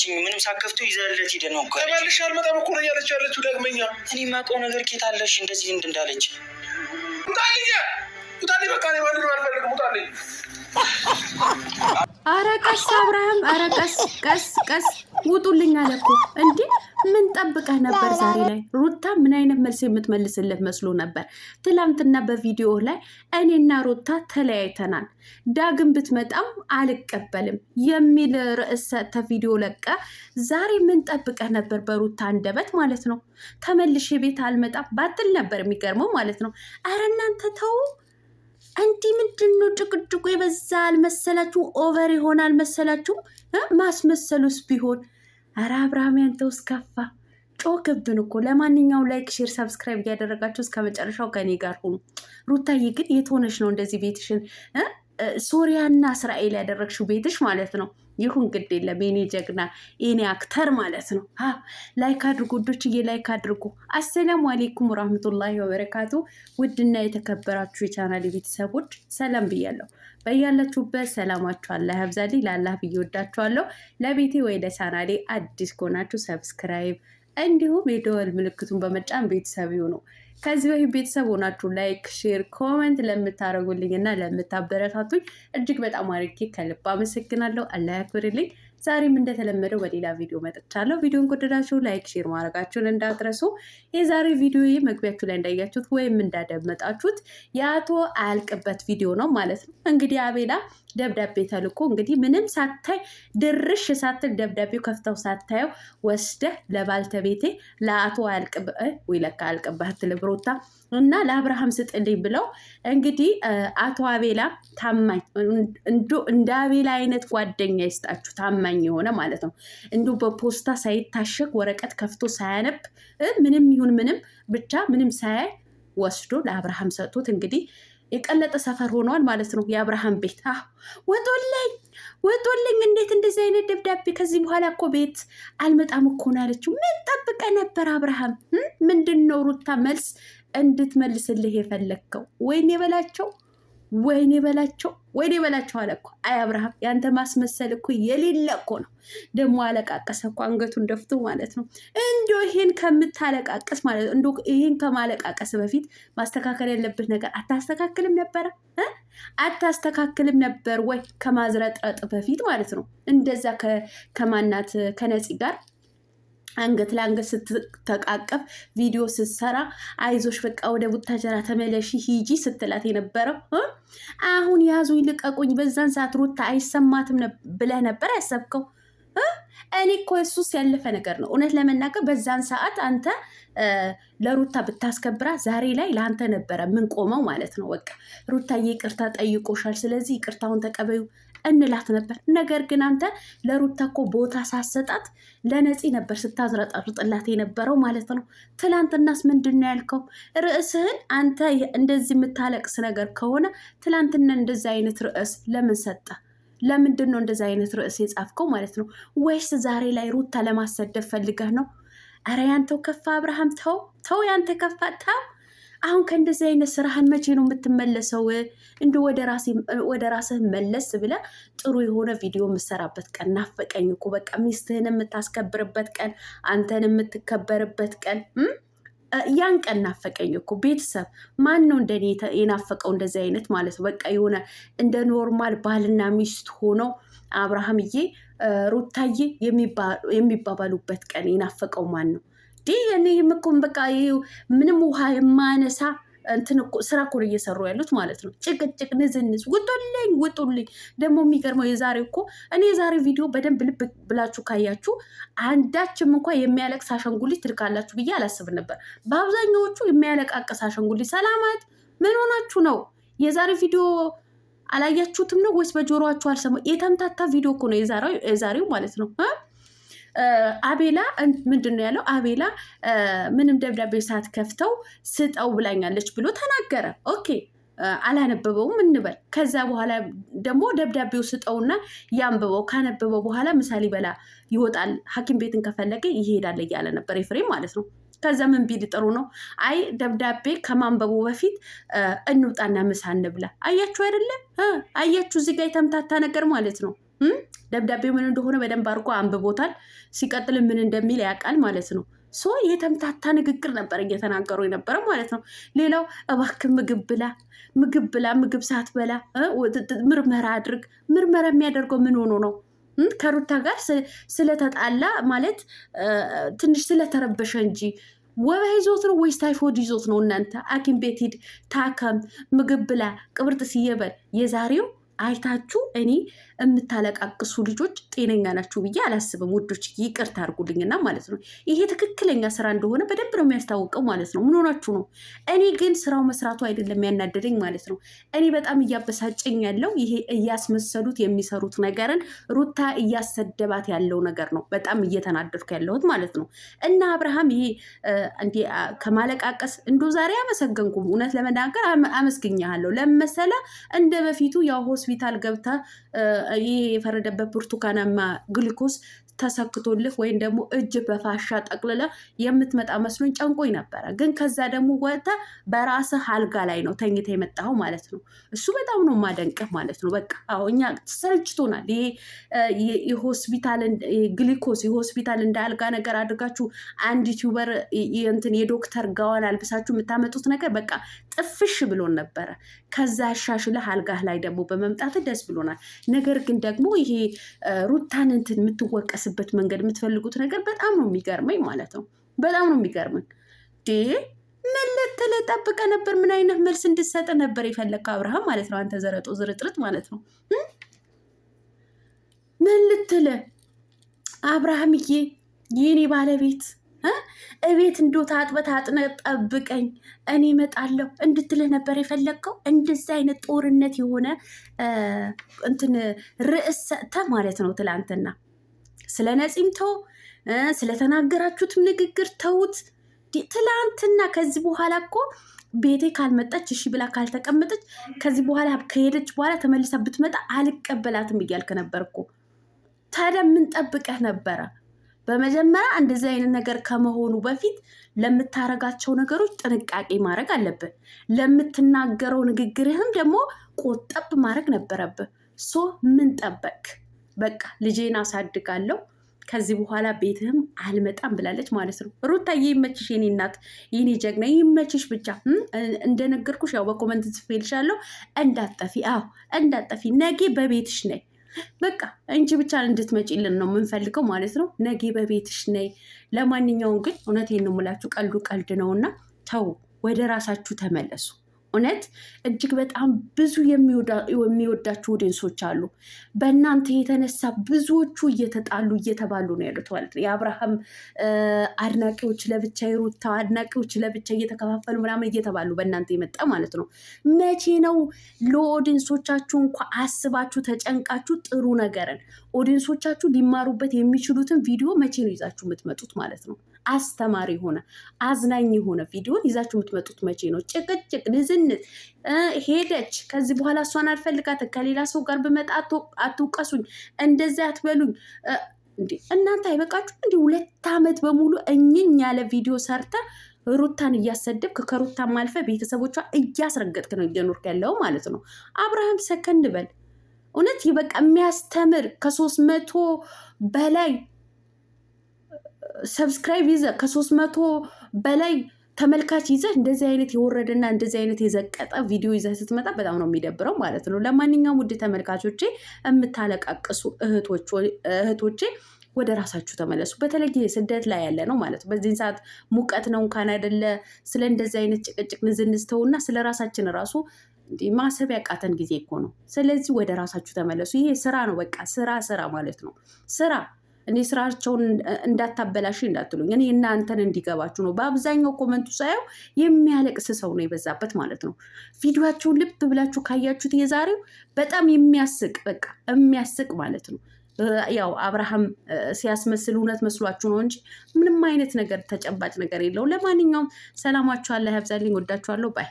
አልመለሰችኝ። ምንም ሳከፍቶ ይዘለት ሄደ ነው ተመልሼ አልመጣም እኮ ነው እያለች ያለችው። ዳግመኛ እኔ የማውቀው ነገር ኬት አለሽ እንደዚህ እንድ እንዳለች ውጣልኝ፣ ውጣልኝ፣ በቃ እኔ ማንንም አልፈልግም፣ ውጣልኝ አረ ቀስ አብርሃም፣ አረ ቀስ ቀስ ቀስ ውጡልኝ አለ እኮ እንዲህ ምን ጠብቀህ ነበር? ዛሬ ላይ ሩታ ምን አይነት መልስ የምትመልስለት መስሎ ነበር? ትላንትና በቪዲዮ ላይ እኔና ሩታ ተለያይተናል፣ ዳግም ብትመጣም አልቀበልም የሚል ርዕስ ሰጥተህ ቪዲዮ ለቀ። ዛሬ ምን ጠብቀህ ነበር? በሩታ አንደበት ማለት ነው። ተመልሼ ቤት አልመጣም ባትል ነበር የሚገርመው ማለት ነው። አረ እናንተ ተው። እንዲ ምንድን ነው ጭቅጭቁ የበዛ አልመሰላችሁ? ኦቨር ይሆን አልመሰላችሁ? ማስመሰሉስ ቢሆን ኧረ አብርሃም ያንተ ከፋ ጮክብን እኮ። ለማንኛውም ላይክ፣ ሼር፣ ሰብስክራይብ እያደረጋችሁ እስከ መጨረሻው ከኔ ጋር ሁኑ። ሩታዬ ግን የት ሆነሽ ነው እንደዚህ ቤትሽን ሶሪያና እስራኤል ያደረግሽው ቤትሽ ማለት ነው? ይሁን ግድ የለም የኔ ጀግና የኔ አክተር ማለት ነው። ላይክ አድርጉ ውዶችዬ፣ ላይክ አድርጉ። አሰላሙ አሌይኩም ወራህመቱላሂ ወበረካቱ። ውድና የተከበራችሁ የቻናል ቤተሰቦች ሰላም ብያለሁ። በያላችሁበት ሰላማችሁ አለ ያብዛልኝ። ለአላህ ብዬ ወዳችኋለሁ። ለቤቴ ወይ ለቻናሌ አዲስ ከሆናችሁ ሰብስክራይብ እንዲሁም የደወል ምልክቱን በመጫን ቤተሰብ ይሁኑ። ከዚህ በፊት ቤተሰብ ሆናችሁ ላይክ፣ ሼር፣ ኮመንት ለምታደርጉልኝ እና ለምታበረታቱኝ እጅግ በጣም አድርጌ ከልብ አመሰግናለሁ። አላህ ያክብርልኝ። ዛሬም እንደተለመደው በሌላ ቪዲዮ መጥቻለሁ። ቪዲዮን ከወደዳችሁ ላይክ፣ ሼር ማድረጋችሁን እንዳትረሱ። የዛሬ ቪዲዮ መግቢያችሁ ላይ እንዳያችሁት ወይም እንዳደመጣችሁት የአቶ አያልቅበት ቪዲዮ ነው ማለት ነው። እንግዲህ አቤላ ደብዳቤ ተልኮ እንግዲህ ምንም ሳታይ ድርሽ ሳትል ደብዳቤው ከፍተው ሳታየው ወስደህ ለባልተቤቴ ለአቶ ይለካ አያልቅበት ልብሮታ እና ለአብርሃም ስጥልኝ ብለው እንግዲህ አቶ አቤላ ታማኝ እንደ አቤላ አይነት ጓደኛ ይስጣችሁ ታማኝ ታማኝ የሆነ ማለት ነው። እንዲሁ በፖስታ ሳይታሸግ ወረቀት ከፍቶ ሳያነብ ምንም ይሁን ምንም ብቻ ምንም ሳያይ ወስዶ ለአብርሃም ሰጥቶት እንግዲህ የቀለጠ ሰፈር ሆኗል ማለት ነው። የአብርሃም ቤት አሁ ወጦልኝ ወጦልኝ። እንዴት እንደዚህ አይነት ደብዳቤ ከዚህ በኋላ እኮ ቤት አልመጣም እኮ ነው ያለችው። ምን ጠብቀ ነበር አብርሃም? ምንድን ነው ሩታ መልስ እንድትመልስልህ የፈለግከው? ወይን የበላቸው ወይኔ በላቸው ወይኔ በላቸው አለ እኮ። አይ አብርሃም ያንተ ማስመሰል እኮ የሌለ እኮ ነው። ደግሞ አለቃቀሰ እኮ አንገቱን ደፍቶ ማለት ነው። እንዲ ይሄን ከምታለቃቀስ ማለት ነው እንዶ ይሄን ከማለቃቀስ በፊት ማስተካከል ያለብህ ነገር አታስተካክልም ነበረ አታስተካክልም ነበር ወይ? ከማዝረጥረጥ በፊት ማለት ነው። እንደዛ ከማናት ከነፂ ጋር አንገት ለአንገት ስትተቃቀፍ ቪዲዮ ስትሰራ አይዞሽ በቃ ወደ ቡታጀራ ተመለሺ ሂጂ ስትላት የነበረው አሁን ያዙኝ ልቀቁኝ፣ በዛን ሰዓት ሩታ አይሰማትም ብለህ ነበር ያሰብከው። እኔ እኮ እሱስ ያለፈ ነገር ነው። እውነት ለመናገር በዛን ሰዓት አንተ ለሩታ ብታስከብራ ዛሬ ላይ ለአንተ ነበረ ምን ቆመው ማለት ነው። በቃ ሩታዬ ይቅርታ ጠይቆሻል፣ ስለዚህ ይቅርታውን ተቀበዩ እንላት ነበር። ነገር ግን አንተ ለሩታ እኮ ቦታ ሳሰጣት ለነፂ ነበር ስታዝረጠርጥላት የነበረው ማለት ነው። ትላንትናስ ምንድን ነው ያልከው? ርዕስህን አንተ እንደዚህ የምታለቅስ ነገር ከሆነ ትላንትና እንደዚህ አይነት ርዕስ ለምን ሰጠ? ለምንድን ነው እንደዚህ አይነት ርዕስ የጻፍከው ማለት ነው? ወይስ ዛሬ ላይ ሩታ ለማሰደብ ፈልገህ ነው? ኧረ ያንተው ከፋ አብርሃም፣ ተው ተው፣ ያንተ ከፋ ተው። አሁን ከእንደዚህ አይነት ስራህን መቼ ነው የምትመለሰው? እንዲ ወደ ራስህ መለስ ብለ ጥሩ የሆነ ቪዲዮ የምሰራበት ቀን ናፈቀኝ እኮ በቃ ሚስትህን የምታስከብርበት ቀን፣ አንተን የምትከበርበት ቀን ያን ቀን ናፈቀኝ እኮ ቤተሰብ። ማን ነው እንደኔ የናፈቀው እንደዚህ አይነት ማለት ነው። በቃ የሆነ እንደ ኖርማል ባልና ሚስት ሆነው አብርሃምዬ ሩታዬ የሚባባሉበት ቀን የናፈቀው ማን ነው? ይህ የኔ የምኮን በቃ ምንም ውሃ የማነሳ እንትን ስራ እኮ እየሰሩ ያሉት ማለት ነው። ጭቅጭቅ፣ ንዝንዝ፣ ውጡልኝ ውጡልኝ። ደግሞ የሚገርመው የዛሬ እኮ እኔ የዛሬ ቪዲዮ በደንብ ልብ ብላችሁ ካያችሁ አንዳችም እንኳ የሚያለቅስ አሻንጉሊት ትልካላችሁ ብዬ አላስብ ነበር። በአብዛኛዎቹ የሚያለቃቅስ አሻንጉሊት ሰላማት፣ ምን ሆናችሁ ነው? የዛሬ ቪዲዮ አላያችሁትም ነው ወይስ በጆሮችሁ አልሰማ? የተምታታ ቪዲዮ እኮ ነው የዛሬው ማለት ነው። አቤላ ምንድን ነው ያለው? አቤላ ምንም ደብዳቤ ሳትከፍተው ስጠው ብላኛለች ብሎ ተናገረ። ኦኬ አላነበበውም እንበል። ከዛ በኋላ ደግሞ ደብዳቤው ስጠውና ያንብበው። ካነበበው በኋላ ምሳሌ በላ ይወጣል፣ ሐኪም ቤትን ከፈለገ ይሄዳል እያለ ነበር ኤፍሬም ማለት ነው። ከዛ ምን ቢል ጥሩ ነው? አይ ደብዳቤ ከማንበቡ በፊት እንውጣና ምሳ እንብላ። አያችሁ አይደለ? አያችሁ እዚህ ጋ የተምታታ ነገር ማለት ነው። ደብዳቤው ምን እንደሆነ በደንብ አድርጎ አንብቦታል። ሲቀጥል ምን እንደሚል ያውቃል ማለት ነው። ሶ የተምታታ ንግግር ነበር እየተናገሩ የነበረ ማለት ነው። ሌላው እባክህ ምግብ ብላ ምግብ ብላ ምግብ ሳትበላ ምርመራ አድርግ። ምርመራ የሚያደርገው ምን ሆኖ ነው? ከሩታ ጋር ስለተጣላ ማለት ትንሽ ስለተረበሸ እንጂ ወባ ይዞት ነው ወይስ ታይፎድ ይዞት ነው? እናንተ ሐኪም ቤት ሂድ፣ ታከም፣ ምግብ ብላ፣ ቅብርጥ ሲየበል የዛሬው አይታችሁ እኔ የምታለቃቅሱ ልጆች ጤነኛ ናችሁ ብዬ አላስብም። ውዶች ይቅርታ አድርጉልኝና ማለት ነው ይሄ ትክክለኛ ስራ እንደሆነ በደንብ ነው የሚያስታውቀው ማለት ነው። ምን ሆናችሁ ነው? እኔ ግን ስራው መስራቱ አይደለም ያናደደኝ ማለት ነው። እኔ በጣም እያበሳጨኝ ያለው ይሄ እያስመሰሉት የሚሰሩት ነገርን ሩታ እያሰደባት ያለው ነገር ነው። በጣም እየተናደድኩ ያለሁት ማለት ነው። እና አብርሃም ይሄ እንዲ ከማለቃቀስ እንዶ ዛሬ አመሰገንኩም እውነት ለመናገር አመስግኛለሁ ለመሰለ እንደ በፊቱ ያው ሆስ ሆስፒታል ገብታ ይሄ የፈረደበት ብርቱካናማ ግሉኮስ ተሰክቶልህ ወይም ደግሞ እጅ በፋሻ ጠቅልለ የምትመጣ መስሎኝ ጨንቆኝ ነበረ። ግን ከዛ ደግሞ ወጥተ በራስህ አልጋ ላይ ነው ተኝተ የመጣኸው ማለት ነው። እሱ በጣም ነው ማደንቅህ ማለት ነው። በቃ አዎ፣ እኛ ሰልችቶናል። ይሄ የሆስፒታል ግሊኮስ የሆስፒታል እንደ አልጋ ነገር አድርጋችሁ አንድ ዩቲዩበር እንትን የዶክተር ጋዋን አልብሳችሁ የምታመጡት ነገር በቃ ጥፍሽ ብሎን ነበረ። ከዛ ያሻሽለህ አልጋህ ላይ ደግሞ በመምጣት ደስ ብሎናል። ነገር ግን ደግሞ ይሄ ሩታን እንትን የምትወቀስ የምናስብበት መንገድ የምትፈልጉት ነገር በጣም ነው የሚገርመኝ ማለት ነው። በጣም ነው የሚገርመኝ ዴ መለተለ ጠብቀ ነበር። ምን አይነት መልስ እንድሰጠ ነበር የፈለግከው አብርሃም ማለት ነው። አንተ ዘረጦ ዝርጥርጥ ማለት ነው። መልትለ አብርሃምዬ የኔ ባለቤት እቤት እንዶ ታጥበት አጥነ ጠብቀኝ እኔ እመጣለሁ እንድትልህ ነበር የፈለግከው። እንደዚህ አይነት ጦርነት የሆነ እንትን ርዕስ ሰጥተህ ማለት ነው ትላንትና ስለ ነፂም ተው፣ ስለተናገራችሁትም ንግግር ተውት። ትላንትና ከዚህ በኋላ እኮ ቤቴ ካልመጣች እሺ ብላ ካልተቀመጠች ከዚህ በኋላ ከሄደች በኋላ ተመልሳ ብትመጣ አልቀበላትም እያልክ ነበር እኮ። ታዲያ ምን ጠብቀህ ነበረ? በመጀመሪያ እንደዚህ አይነት ነገር ከመሆኑ በፊት ለምታረጋቸው ነገሮች ጥንቃቄ ማድረግ አለብህ። ለምትናገረው ንግግርህም ደግሞ ቆጠብ ማድረግ ነበረብህ። ሶ ምን ጠበቅ በቃ ልጄን አሳድጋለሁ ከዚህ በኋላ ቤትህም አልመጣም ብላለች ማለት ነው። ሩታዬ ይመችሽ፣ የኔ እናት፣ የኔ ጀግና ይመችሽ። ብቻ እንደነገርኩሽ ያው በኮመንት ጽፌልሻለሁ። እንዳጠፊ አዎ እንዳጠፊ፣ ነገ በቤትሽ ነይ በቃ እንጂ ብቻ እንድትመጪልን ነው የምንፈልገው ማለት ነው። ነገ በቤትሽ ነይ። ለማንኛውም ግን እውነቴን ነው የምላችሁ፣ ቀልዱ ቀልድ ነውና ተው፣ ወደ ራሳችሁ ተመለሱ። እውነት እጅግ በጣም ብዙ የሚወዳችሁ ኦዲንሶች አሉ። በእናንተ የተነሳ ብዙዎቹ እየተጣሉ እየተባሉ ነው ያሉት ማለት ነው። የአብርሃም አድናቂዎች ለብቻ፣ የሩታ አድናቂዎች ለብቻ እየተከፋፈሉ ምናምን እየተባሉ በእናንተ የመጣ ማለት ነው። መቼ ነው ለኦዲየንሶቻችሁ እንኳ አስባችሁ ተጨንቃችሁ ጥሩ ነገርን ኦዲንሶቻችሁ ሊማሩበት የሚችሉትን ቪዲዮ መቼ ነው ይዛችሁ የምትመጡት ማለት ነው? አስተማሪ የሆነ አዝናኝ የሆነ ቪዲዮን ይዛችሁ የምትመጡት መቼ ነው? ጭቅጭቅ፣ ንዝንዝ፣ ሄደች ከዚህ በኋላ እሷን አልፈልጋት፣ ከሌላ ሰው ጋር ብመጣ አትውቀሱኝ፣ እንደዚህ አትበሉኝ። እንዴ እናንተ አይበቃችሁም? እንዲህ ሁለት አመት በሙሉ እኝኝ ያለ ቪዲዮ ሰርተ ሩታን እያሰደብክ ከሩታን ማልፈ ቤተሰቦቿ እያስረገጥክ ነው እየኖርክ ያለው ማለት ነው። አብርሃም ሰከንድ በል እውነት በቃ የሚያስተምር ከሶስት መቶ በላይ ሰብስክራይብ ይዘ ከሶስት መቶ በላይ ተመልካች ይዘህ እንደዚህ አይነት የወረደና እንደዚህ አይነት የዘቀጠ ቪዲዮ ይዘህ ስትመጣ በጣም ነው የሚደብረው ማለት ነው። ለማንኛውም ውድ ተመልካቾቼ የምታለቃቅሱ እህቶቼ ወደ ራሳችሁ ተመለሱ። በተለይ ስደት ላይ ያለ ነው ማለት ነው። በዚህን ሰዓት ሙቀት ነው እንኳን አይደለ ስለ እንደዚህ አይነት ጭቅጭቅ ንዝንዝተውና ስለ ራሳችን ራሱ ማሰብ ያቃተን ጊዜ እኮ ነው። ስለዚህ ወደ ራሳችሁ ተመለሱ። ይሄ ስራ ነው፣ በቃ ስራ ስራ ማለት ነው ስራ እኔ ስራቸውን እንዳታበላሽ እንዳትሉኝ፣ እኔ እናንተን እንዲገባችሁ ነው። በአብዛኛው ኮመንቱ ሳየው የሚያለቅስ ሰው ነው የበዛበት ማለት ነው። ቪዲዮቸውን ልብ ብላችሁ ካያችሁት የዛሬው በጣም የሚያስቅ በቃ የሚያስቅ ማለት ነው። ያው አብርሃም ሲያስመስል እውነት መስሏችሁ ነው እንጂ ምንም አይነት ነገር ተጨባጭ ነገር የለው። ለማንኛውም ሰላማችሁ አላህ ያብዛልኝ። ወዳችኋለሁ ባይ